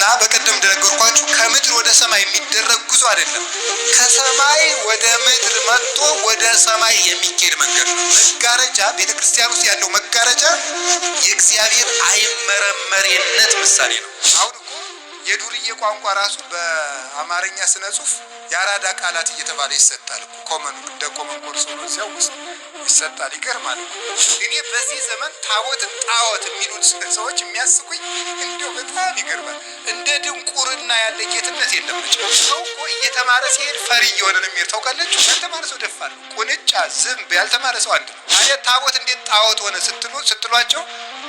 ክርስትና በቀደም እንደነገርኳችሁ ከምድር ወደ ሰማይ የሚደረግ ጉዞ አይደለም። ከሰማይ ወደ ምድር መጥቶ ወደ ሰማይ የሚኬድ መንገድ ነው። መጋረጃ፣ ቤተ ክርስቲያን ውስጥ ያለው መጋረጃ የእግዚአብሔር አይመረመሬነት ምሳሌ ነው። አሁን የዱርዬ ቋንቋ ራሱ በአማርኛ ስነ ጽሁፍ የአራዳ ቃላት እየተባለ ይሰጣል። ኮመን እንደ ኮመን ኮርስ ነው እዚያ ውስጥ ይሰጣል። ይገርማል። እኔ በዚህ ዘመን ታቦትን ጣዖት የሚሉት ሰዎች የሚያስቁኝ እንዲሁ በጣም ይገርማል። እንደ ድንቁርና ያለ ጌትነት የለም። ሰው እኮ እየተማረ ሲሄድ ፈሪ እየሆነ ነው የሚሄድ። ታውቃለች። ያልተማረ ሰው ደፋል፣ ቁንጫ፣ ዝንብ ያልተማረ ሰው አንድ ነው። ታዲያ ታቦት እንዴት ጣዖት ሆነ ስትሉ ስትሏቸው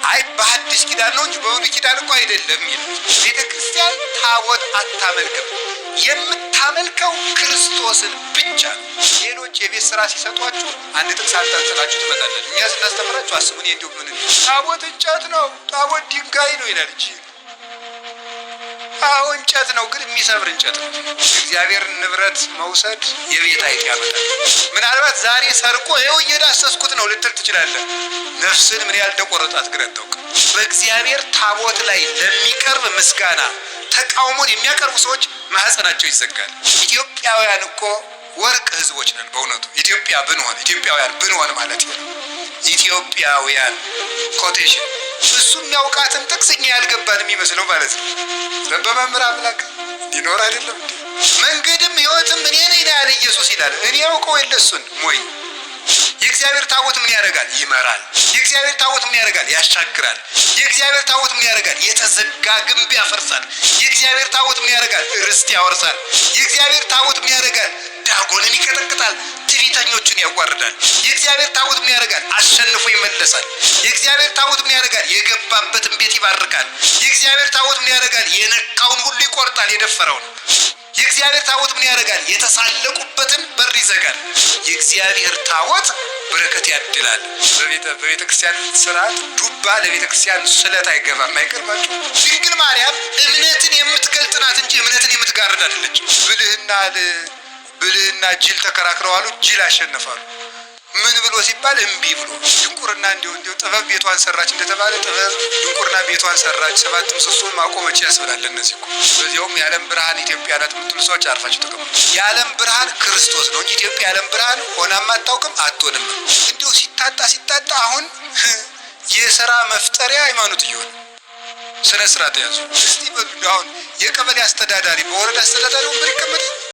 አይ በሐዲስ ኪዳን ነው እንጂ በብሉይ ኪዳን እኮ አይደለም ይል። ቤተ ክርስቲያን ታቦት አታመልክም። የምታመልከው ክርስቶስን ብቻ ነው። ሌሎች የቤት ስራ ሲሰጧችሁ አንድ ጥቅስ አንጠልጥላችሁ ትመጣለን። እኛ ስናስተምራችሁ አስቡን የእንዲሁ ምን ታቦት እንጨት ነው፣ ታቦት ድንጋይ ነው ይላል እንጂ አዎ እንጨት ነው፣ ግን የሚሰብር እንጨት ነው። እግዚአብሔር ንብረት መውሰድ የቤት አይጥ ያመጣል። ምናልባት ዛሬ ሰርቆ ይኸው እየዳሰስኩት ነው ልትል ትችላለህ። ነፍስን ምን ያህል እንደቆረጣት ግን በእግዚአብሔር ታቦት ላይ ለሚቀርብ ምስጋና ተቃውሞን የሚያቀርቡ ሰዎች ማህፀናቸው ይዘጋል። ኢትዮጵያውያን እኮ ወርቅ ህዝቦች ነን። በእውነቱ ኢትዮጵያ ብንሆን ኢትዮጵያውያን ብንሆን ማለት ነው ኢትዮጵያውያን ኮቴሽን እሱ የሚያውቃትን ጥቅስ እኛ ያልገባን የሚመስለው ማለት ነው። በመምህር አምላክ ሊኖር አይደለም መንገድም ህይወትም እኔ ነኝ ያለ ኢየሱስ ይላል። እኔ ያውቀው የለሱን ሞይ የእግዚአብሔር ታቦት ምን ያደርጋል? ይመራል። የእግዚአብሔር ታቦት ምን ያደርጋል? ያሻግራል። የእግዚአብሔር ታቦት ምን ያደርጋል? የተዘጋ ግንብ ያፈርሳል። የእግዚአብሔር ታቦት ምን ያደርጋል? ርስት ያወርሳል። የእግዚአብሔር ታቦት ምን ያደርጋል? ዳጎንን ይቀጠቅጣል። ትዕቢተኞቹን ያዋርዳል። የእግዚአብሔር ታቦት ምን ያደርጋል? አሸንፎ ይመለሳል። የእግዚአብሔር ታቦት ምን ያደርጋል? የገባበትን ቤት ይባርካል። የእግዚአብሔር ታቦት ምን ያደርጋል? የነካውን ሁሉ ይቆርጣል፣ የደፈረውን የእግዚአብሔር ታቦት ምን ያደርጋል? የተሳለቁበትን በር ይዘጋል። የእግዚአብሔር ታቦት በረከት ያድላል። በቤተ ክርስቲያን ስርዓት ዱባ ለቤተ ክርስቲያን ስለት አይገባም። አይገርማችሁ? ድንግል ማርያም እምነትን የምትገልጥናት እንጂ እምነትን የምትጋርድ አይደለች። ብልህና ብልህና ጅል ተከራክረው አሉ ጅል አሸነፋሉ። ምን ብሎ ሲባል እምቢ ብሎ ድንቁርና እንዲሁ እንዲሁ ጥበብ ቤቷን ሰራች እንደተባለ ጥበብ ድንቁርና ቤቷን ሰራች፣ ሰባት ምሰሶን ማቆመች ያስብላል። እነዚህ እኮ በዚያውም የዓለም ብርሃን ኢትዮጵያ ናት የምትሉ ሰዎች አርፋችሁ ተቀምጡ። የዓለም ብርሃን ክርስቶስ ነው እንጂ ኢትዮጵያ የዓለም ብርሃን ሆናም አታውቅም፣ አትሆንም። እንዲሁ ሲታጣ ሲታጣ አሁን የስራ መፍጠሪያ ሃይማኖት እየሆነ ስነ ስርዓት ያዙ። እስቲ በሉ አሁን የቀበሌ አስተዳዳሪ በወረዳ አስተዳዳሪ ወንበር ይቀመጣል።